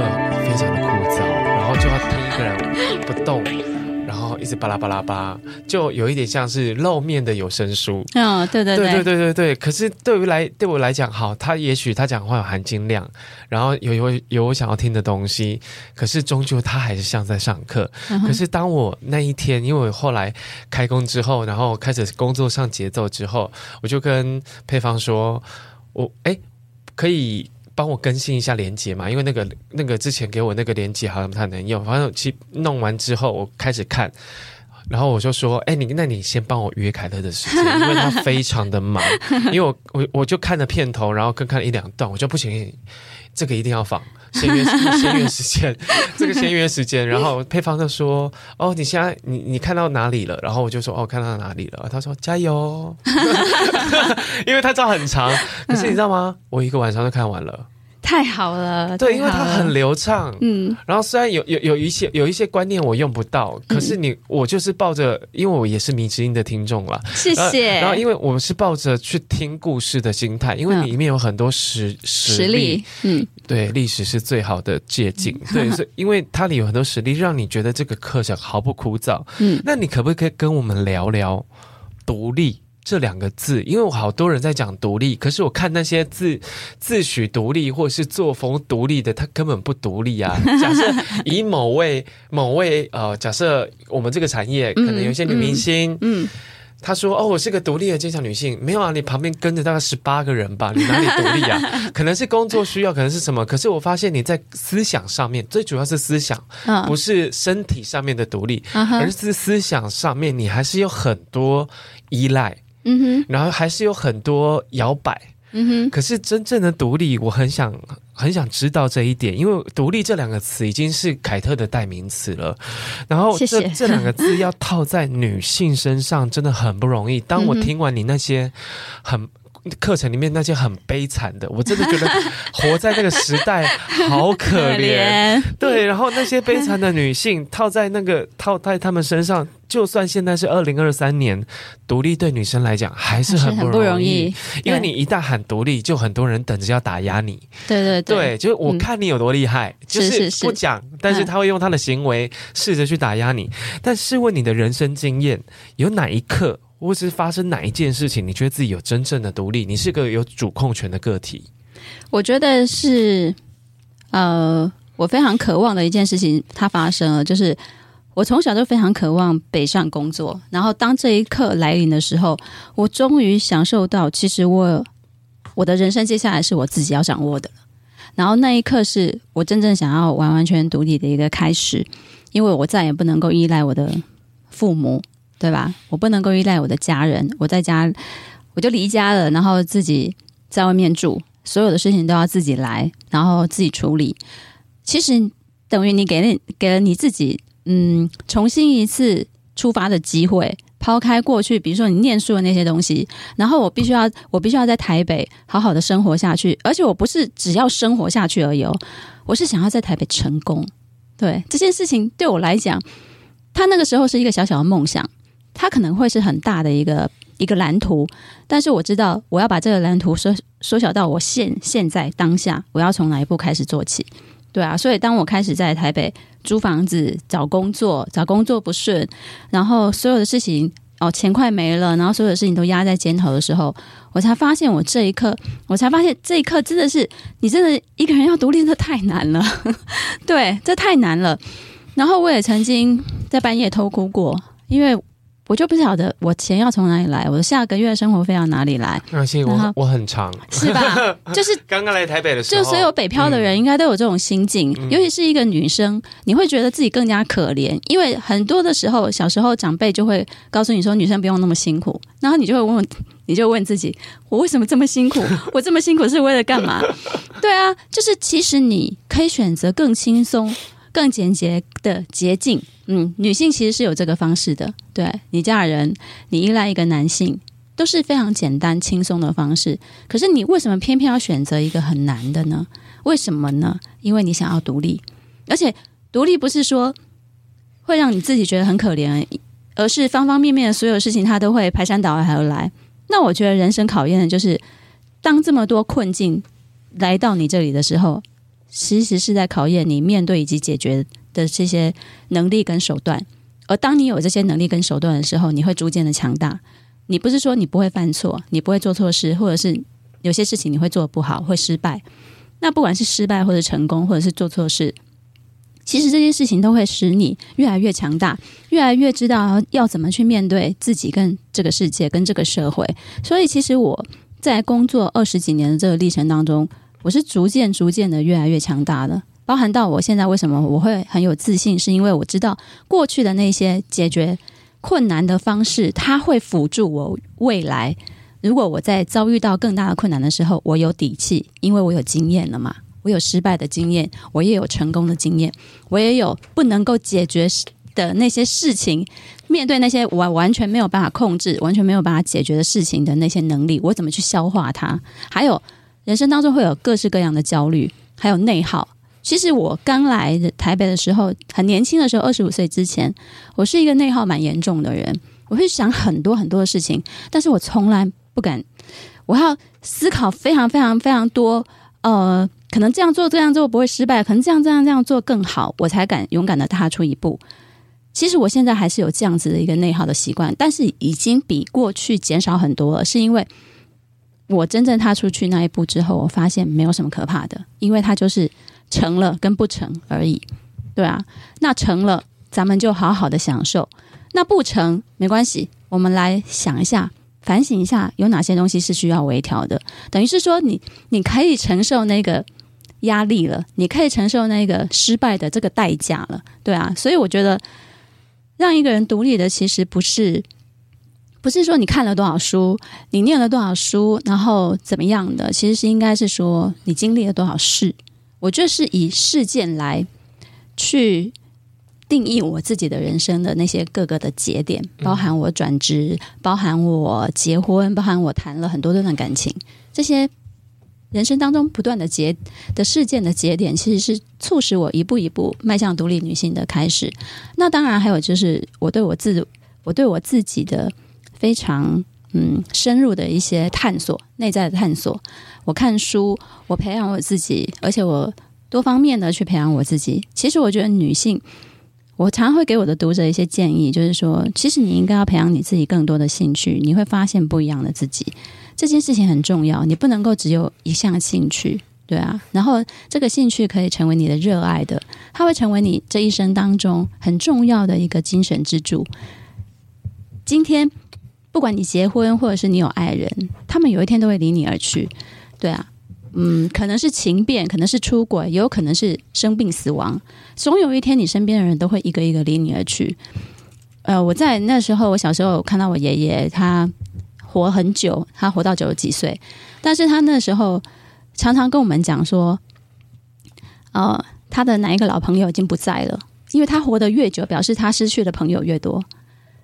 非常的枯燥，然後就要聽一個人不動。然後一直巴拉巴拉巴，就有一點像是露面的有聲書。嗯、哦，對對對，對對對對對對，可是對於來對我來講，好，他也許他講話有含金量，然後有有有我想要聽的東西。可是終究他還是像在上課。嗯、哼可是當我那一天，因為我後來開工之後，然後開始工作上節奏之後，我就跟佩芳說，我誒可以，幫我更新一下連結嘛，因為那個那個之前給我那個連結好像不太能用。反正我去弄完之後，我開始看，然後我就說：“哎、欸，你那你先幫我約凱特的時間，因為他非常的忙。 因為我我我就看了片頭，然後跟看了一兩段，我就不行。”這個一定要放，先約先約時間，這個先約時間。然後配方就說：“哦，你現在你你看到哪裡了？”然後我就說：“哦，看到哪裡了？”他說：“加油！” 因為他照很長，可是你知道嗎？我一個晚上就看完了。太好了，對，因為它很流暢。嗯，然後雖然有有有一些有一些觀念我用不到，可是你、嗯、我就是抱着，因為我也是米其林的聽眾了，謝謝然後，然後因為我們是抱着去聽故事的心態，因為裡面有很多、嗯、實例、實例，嗯，對，歷史是最好的借鑑。嗯、呵呵對，所以因為它裡有很多實例，讓你覺得這個課程毫不枯燥。嗯，那你可不可以跟我們聊聊獨立？這兩個字，因為我好多人在講獨立，可是我看那些自自詡獨立或者是作風獨立的，他根本不獨立啊。假設以某位某位呃，假設我們這個產業可能有一些女明星，嗯，嗯嗯，她說：“哦，我是個獨立的堅強女性。”沒有啊，你旁邊跟着大概十八個人吧，你哪裡獨立啊？可能是工作需要，可能是什麼？可是我發現你在思想上面，最主要是思想，不是身體上面的獨立，而是思想上面你還是有很多依賴。嗯哼，然後還是有很多搖擺，嗯哼。可是真正的獨立，我很想很想知道這一點，因為獨立這兩個詞已經是凱特的代名詞了。然後這謝謝這兩個字要套在女性身上，真的很不容易。當我聽完你那些很、嗯、哼很課程裡面那些很悲慘的，我真的覺得活在那個時代好可憐。 可憐對，然後那些悲慘的女性套在那個套在他們身上。就算現在是二零二三年，獨立對女生來講還是很不容易，容易因為你一旦喊獨立，對就很多人等着要打壓你。對對對，對就是我看你有多厲害，嗯、就是不講，是是是，但是他會用他的行為試着去打壓你。嗯、但試問你的人生經驗，有哪一刻或是發生哪一件事情，你覺得自己有真正的獨立？你是個有主控權的個體？我覺得是，呃，我非常渴望的一件事情，它發生了，就是。我從小就非常渴望北上工作，然後當這一刻來臨的時候，我終於享受到，其實我我的人生接下來是我自己要掌握的，然後那一刻是我真正想要完完全獨立的一個開始，因為我再也不能夠依賴我的父母，對吧？我不能夠依賴我的家人，我在家我就離家了，然後自己在外面住，所有的事情都要自己來，然後自己處理。其實等於你給了你給了你自己，嗯，重新一次出發的機會，拋開過去，比如說你念書的那些東西，然後我必須要，我必須要在台北好好的生活下去，而且我不是只要生活下去而已哦，我是想要在台北成功。對這件事情，對我來講，它那個時候是一個小小的夢想，它可能會是很大的一個一個藍圖，但是我知道，我要把這個藍圖縮縮小到我現現在當下，我要從哪一步開始做起。對啊，所以當我開始在台北租房子、找工作，找工作不順，然後所有的事情哦錢快沒了，然後所有的事情都壓在肩頭的時候，我才發現我這一刻，我才發現這一刻真的是你真的一個人要獨立，這太難了。 對，這太難了。然後我也曾經在半夜偷哭過，因為。我就不曉得我錢要從哪裡來，我的下個月生活費要哪裡來？那辛苦嗎？我我很長是吧？就是剛剛來台北的時候，就所有北漂的人應該都有這種心境，嗯、尤其是一個女生，嗯、你會覺得自己更加可憐，因為很多的時候小時候長輩就會告訴你說，女生不用那麼辛苦，然後你就會問，你就問自己，我為什麼這麼辛苦？我這麼辛苦是為了幹嘛？ 對啊，就是其實你可以選擇更輕鬆。更簡潔的捷徑，嗯，女性其實是有這個方式的。對，你嫁人，你依賴一個男性，都是非常簡單輕鬆的方式。可是你為什麼偏偏要選擇一個很難的呢？為什麼呢？因為你想要獨立，而且獨立不是說會讓你自己覺得很可憐，而是方方面面的所有事情，他都會排山倒海而來。那我覺得人生考驗的就是，當這麼多困境來到你這裡的時候。其實是在考驗你面對以及解決的這些能力跟手段。而當你有這些能力跟手段的時候，你會逐漸的強大。你不是說你不會犯錯，你不會做錯事，或者是有些事情你會做得不好，會失敗。那不管是失敗，或者成功，或者是做錯事，其實這些事情都會使你越來越強大，越來越知道要怎麼去面對自己跟這個世界，跟這個社會。所以，其實我在工作二十幾年的這個歷程當中。我是逐漸、逐漸的越來越強大的，包含到我現在為什麼我會很有自信，是因為我知道過去的那些解決困難的方式，它會輔助我未來。如果我在遭遇到更大的困難的時候，我有底氣，因為我有經驗了嘛，我有失敗的經驗，我也有成功的經驗，我也有不能夠解決的那些事情。面對那些我完全沒有辦法控制、完全沒有辦法解決的事情的那些能力，我怎麼去消化它？還有……人生當中會有各式各樣的焦慮，還有內耗。其實我剛來台北的時候，很年輕的時候，二十五歲之前，我是一個內耗蠻嚴重的人。我會想很多很多的事情，但是我從來不敢。我要思考非常非常非常多，呃，可能這樣做這樣做不會失敗，可能這樣這樣這樣做更好，我才敢勇敢的踏出一步。其實我現在還是有這樣子的一個內耗的習慣，但是已經比過去減少很多了，是因為。我真正踏出去那一步之後，我發現沒有什麼可怕的，因為它就是成了跟不成而已，對啊。那成了，咱們就好好的享受；那不成，沒關係，我們來想一下，反省一下有哪些東西是需要微調的。等於是說你，你你可以承受那個壓力了，你可以承受那個失敗的這個代價了，對啊。所以我覺得，讓一個人獨立的，其實不是。不是說你看了多少書，你念了多少書，然後怎麼樣的？其實是應該是說你經歷了多少事。我就是以事件來去定義我自己的人生的那些各個的節點，包含我轉職，包含我結婚，包含我談了很多段感情。這些人生當中不斷的節的事件的節點，其實是促使我一步一步邁向獨立女性的開始。那當然還有就是我對我自我對我自己的。非常嗯深入的一些探索，內在的探索。我看書，我培養我自己，而且我多方面的去培養我自己。其實我覺得女性，我常會給我的讀者一些建議，就是說，其實你應該要培養你自己更多的興趣，你會發現不一樣的自己。這件事情很重要，你不能夠只有一項興趣，對啊。然後這個興趣可以成為你的熱愛的，它會成為你這一生當中很重要的一個精神支柱。今天。不管你結婚，或者是你有愛人，他們有一天都會離你而去，對啊，嗯，可能是情變，可能是出軌，也有可能是生病死亡，總有一天你身邊的人都會一個一個離你而去。呃，我在那時候，我小時候看到我爺爺，他活很久，他活到九十幾歲，但是他那時候常常跟我們講說，呃，他的哪一個老朋友已經不在了，因為他活得越久，表示他失去的朋友越多。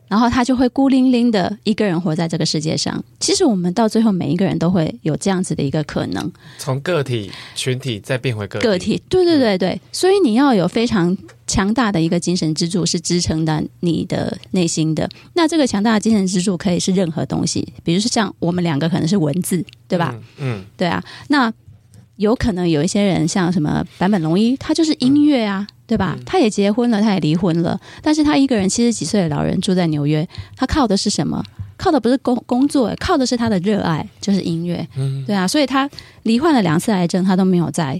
然後他就會孤零零的一個人活在這個世界上。其實我們到最後每一個人都會有這樣子的一個可能，從個體、群體再變回個體個體。對對對對，嗯、所以你要有非常強大的一個精神支柱，是支撐的你的內心的。那這個強大的精神支柱可以是任何東西，比如說像我們兩個可能是文字，對吧？嗯，嗯對啊。那有可能有一些人，像什麼坂本龍一，他就是音樂啊，嗯、對吧？他也結婚了，他也離婚了，但是他一個人七十幾歲的老人住在紐約，他靠的是什麼？靠的不是工工作，靠的是他的熱愛，就是音樂。嗯、對啊，所以他罹患了兩次癌症，他都沒有在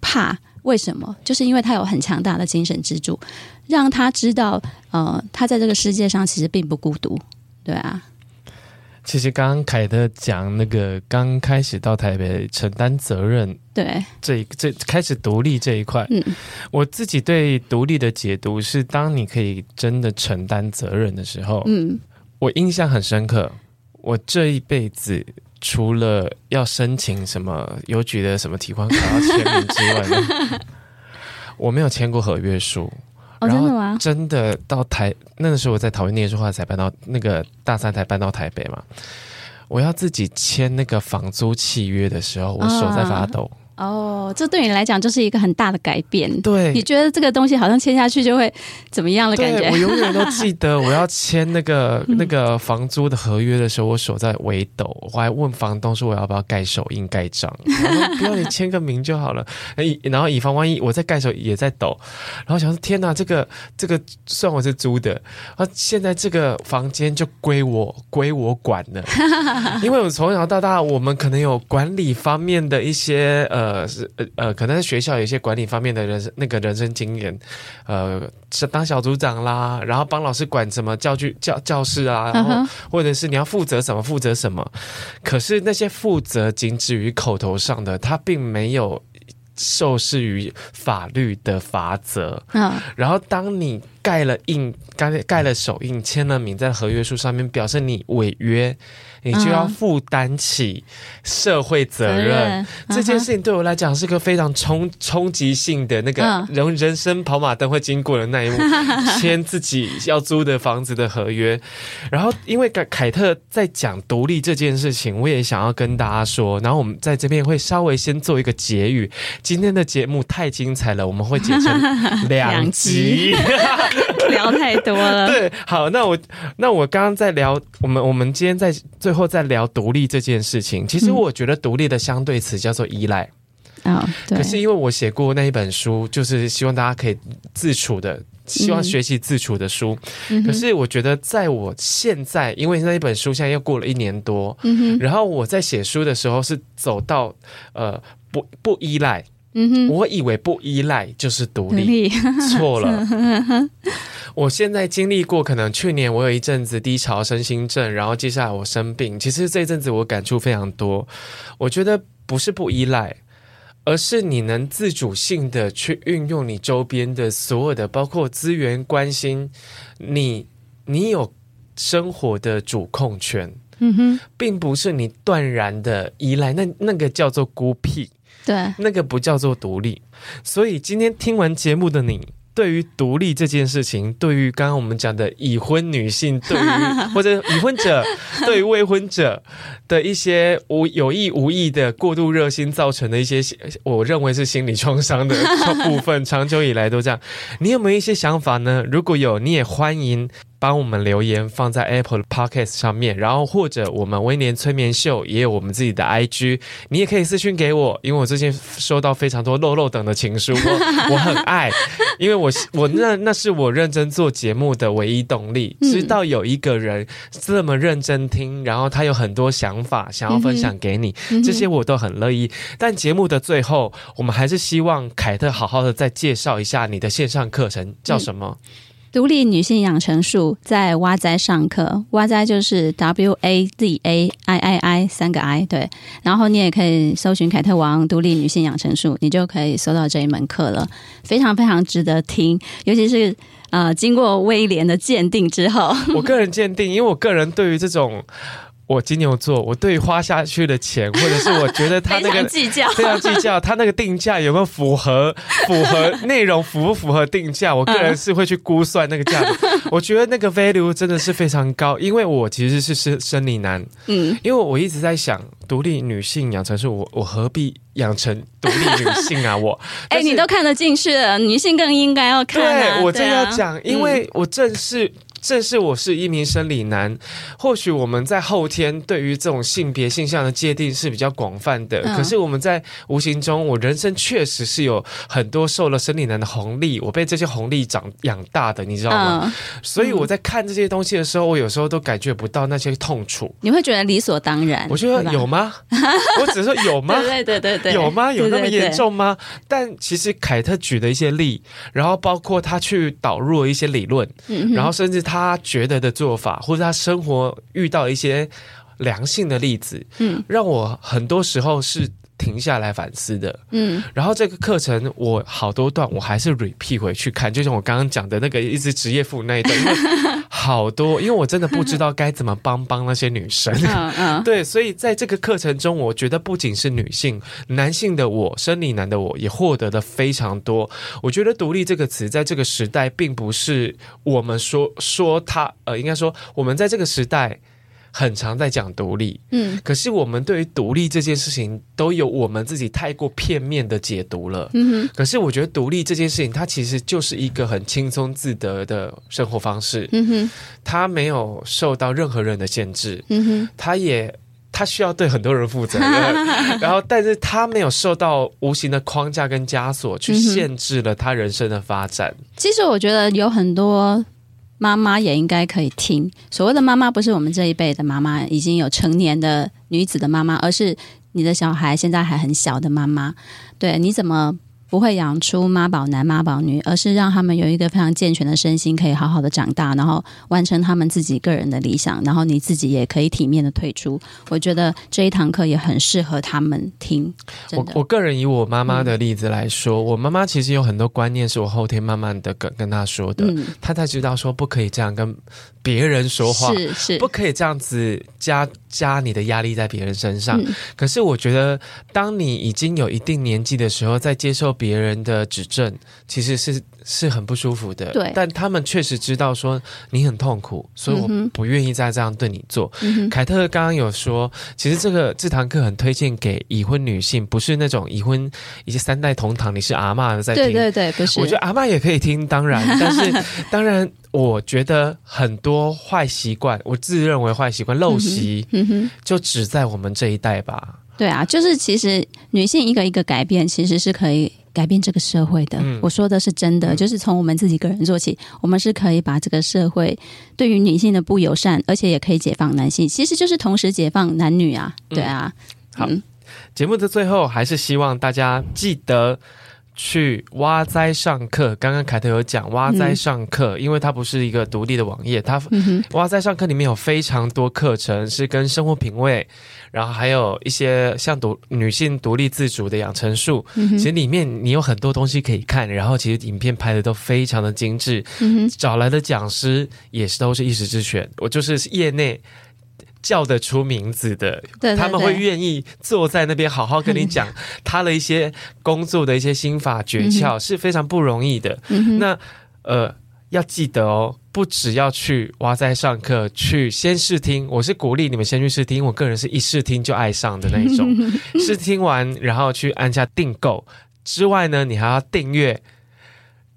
怕。為什麼？就是因為他有很強大的精神支柱，讓他知道，呃，他在這個世界上其實並不孤獨。對啊。其實剛剛凱特講那個剛開始到台北承擔責任，對，這一這開始獨立這一塊，嗯，我自己對獨立的解讀是，當你可以真的承擔責任的時候，嗯，我印象很深刻，我這一輩子除了要申請什麼郵局的什麼提款卡要簽名之外， 我沒有簽過合約書。然後真的到台、哦、的那個時候我在討論個視話才搬到那個大三才搬到台北嘛，我要自己簽那個房租契約的時候，我手在發抖。啊啊哦，oh, 這對你來講就是一個很大的改變。對，你覺得這個東西好像簽下去就會怎麼樣的感覺？我永遠都記得，我要簽那個 那個房租的合約的時候，我手在微抖，我還問房東說，我要不要蓋手印蓋章？他說不要，你簽個名就好了。哎， 然後以防萬一，我在蓋手也在抖，然後想說天哪，這個這個，算我是租的，啊，現在這個房間就歸我歸我管了，因為我從小到大，我們可能有管理方面的一些呃。呃，是呃呃，可能是學校有一些管理方面的人，那個人生經驗，呃，是當小組長啦，然後幫老師管什麼教具、教教室啊，然後或者是你要負責什麼負責什麼，可是，那些負責僅止於口頭上的，他並沒有受制於法律的罰則。嗯，然後當你。蓋了印、剛蓋了手印、簽了名在合約書上面，表示你違約，你就要負擔起社會責任。Uh huh. 這件事情對我來講是個非常衝衝擊性的那個人、uh. 人生跑馬燈會經過的那一幕，簽自己要租的房子的合約。 然後因為凱凱特在講獨立這件事情，我也想要跟大家說。然後我們在這邊會稍微先做一個結語。今天的節目太精彩了，我們會結成兩集。 兩集 聊太多了。對，好，那我那我剛剛在聊我們我們今天在最後在聊獨立這件事情。其實我覺得獨立的相對詞叫做依賴啊。嗯 oh, 對。可是因為我寫過那一本書，就是希望大家可以自處的，希望學習自處的書。嗯、可是我覺得在我現在，因為那一本書現在又過了一年多，嗯、哼然後我在寫書的時候是走到呃不不依賴。我以為不依賴就是獨立，嗯哼，錯了。我現在經歷過，可能去年我有一陣子低潮、身心症，然後接下來我生病。其實這一陣子我感觸非常多。我覺得不是不依賴，而是你能自主性的去運用你周邊的所有的，包括資源、關心你，你有生活的主控權。嗯哼。並不是你斷然的依賴，那那個叫做孤僻。對，那個不叫做獨立。所以今天聽完節目的你，對於獨立這件事情，對於剛剛我們講的已婚女性，對於或者已婚者，對於未婚者的一些無有意無意的過度熱心造成的一些，我認為是心理創傷的部分，長久以來都這樣。你有沒有一些想法呢？如果有，你也歡迎幫我們留言放在 Apple 的 Podcast 上面，然後或者我們威廉催眠秀也有我們自己的 IG，你也可以私訊給我，因為我最近收到非常多漏漏等的情書，我我很愛， 因為我我那那是我認真做節目的唯一動力，知道有一個人這麼認真聽，然後他有很多想法想要分享給你，嗯嗯、這些我都很樂意。但節目的最後，我們還是希望凱特好好的再介紹一下你的線上課程叫什麼？嗯獨立女性養成術在哇哉上課，哇哉就是 W A Z A I I I 三個 I 對，然後你也可以搜尋凱特王獨立女性養成術，你就可以搜到這一門課了，非常非常值得聽，尤其是呃經過威廉的鑑定之後，我個人鑑定，因為我個人對於這種。我金牛座，我對花下去的錢，或者是我覺得他那個計較，非常計較，他那個定價有沒有符合？符合內容符不符合定價？我個人是會去估算那個價格。嗯、我覺得那個 value 真的是非常高，因為我其實是生生理男。嗯，因為我一直在想，獨立女性養成是我，我何必養成獨立女性啊？我哎、欸，你都看得進去了，女性更應該要看、啊。對，我真的要講，啊、因為我正是。嗯正是我是一名生理男，或許我們在後天對於這種性別性向的界定是比較廣泛的，哦、可是我們在無形中，我人生確實是有很多受了生理男的紅利，我被這些紅利長養大的，你知道嗎？哦、所以我在看這些東西的時候，嗯、我有時候都感覺不到那些痛楚。你會覺得理所當然？我覺得有嗎？對吧 我只是說有嗎？ 對,對對對對， 有嗎？有那麼嚴重嗎？對對對對但其實凱特舉的一些例，然後包括他去導入了一些理論，嗯、哼然後甚至他。他覺得的做法，或者他生活遇到一些良性的例子，嗯，讓我很多時候是停下來反思的，嗯，然後這個課程我好多段我還是 repeat 回去看，就像我剛剛講的那個，一直職業婦女那一段， 因為好多，因為我真的不知道該怎麼幫幫那些女生， 對，所以在這個課程中，我覺得不僅是女性，男性的我，生理男的我也獲得了非常多。我覺得“獨立”這個詞在這個時代，並不是我們說說他呃，應該說我們在這個時代。很常在講獨立，嗯，可是我們對於獨立這件事情都有我們自己太過片面的解讀了，嗯哼，可是我覺得獨立這件事情，它其實就是一個很輕鬆自得的生活方式，嗯哼，它沒有受到任何人的限制，嗯哼，他也他需要對很多人負責， 然後但是他沒有受到無形的框架跟枷鎖去限制了他人生的發展。其實我覺得有很多。媽媽也應該可以聽。所謂的媽媽，不是我們這一輩的媽媽，已經有成年的女子的媽媽，而是你的小孩現在還很小的媽媽。對，你怎麼？不會養出媽寶男、媽寶女，而是讓他們有一個非常健全的身心，可以好好的長大，然後完成他們自己個人的理想，然後你自己也可以體面的退出。我覺得這一堂課也很適合他們聽。我我個人以我媽媽的例子來說，嗯，我媽媽其實有很多觀念是我後天慢慢的跟跟她說的，嗯，她才知道說不可以這樣跟別人說話，是是不可以這樣子加加你的壓力在別人身上。嗯，可是我覺得，當你已經有一定年紀的時候，在接受。別人的指正其實是是很不舒服的。對但他們確實知道說你很痛苦，所以我不願意再這樣對你做。嗯、哼凱特剛剛有說，其實這個這堂課很推薦給已婚女性，不是那種已婚以及三代同堂，你是阿嬤在聽，對對對，不是，我覺得阿嬤也可以聽，當然，但是 當然，我覺得很多壞習慣，我自認為壞習慣陋習，嗯嗯、就只在我們這一代吧。對啊，就是其實女性一個一個改變，其實是可以，改變這個社會的，嗯、我說的是真的，嗯、就是從我們自己個人做起，我們是可以把這個社會對於女性的不友善，而且也可以解放男性，其實就是同時解放男女啊，嗯、對啊。嗯、好，節目的最後還是希望大家記得。去哇哉上課，剛剛凱特有講哇哉上課，因為它不是一個獨立的網頁，它哇哉、嗯哼，上課裡面有非常多課程是跟生活品味，然後還有一些像獨女性獨立自主的養成術，嗯哼，其實裡面你有很多東西可以看，然後其實影片拍的都非常的精緻，找來的講師也是都是一時之選，我就是業內。叫得出名字的，對對對，他們會願意坐在那邊好好跟你講他的，嗯、哼一些工作的一些心法訣竅，嗯、哼是非常不容易的。嗯、哼那呃，要記得哦，不只要去哇哉上課，去先試聽。我是鼓勵你們先去試聽，我個人是一試聽就愛上的那一種。嗯、哼試聽完，然後去按下訂購。之外呢，你還要訂閱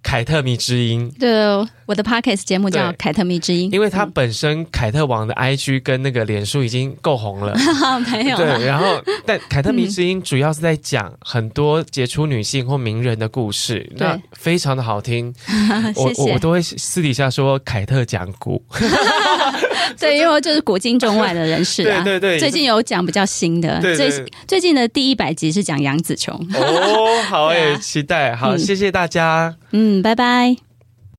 凱特米之音。對，對哦。我的 Podcast 節目叫《凱特蜜之音》，因為他本身凱特王的 IG 跟那個臉書已經夠紅了，沒有。然後，但《凱特蜜之音》主要是在講很多傑出女性或名人的故事，那非常的好聽。我我都會私底下說凱特講古，對，因為就是古今中外的人士啊。對對對，最近有講比較新的，最最近的第一百集是講楊紫瓊。哦，好欸，期待。好，謝謝大家。嗯，拜拜。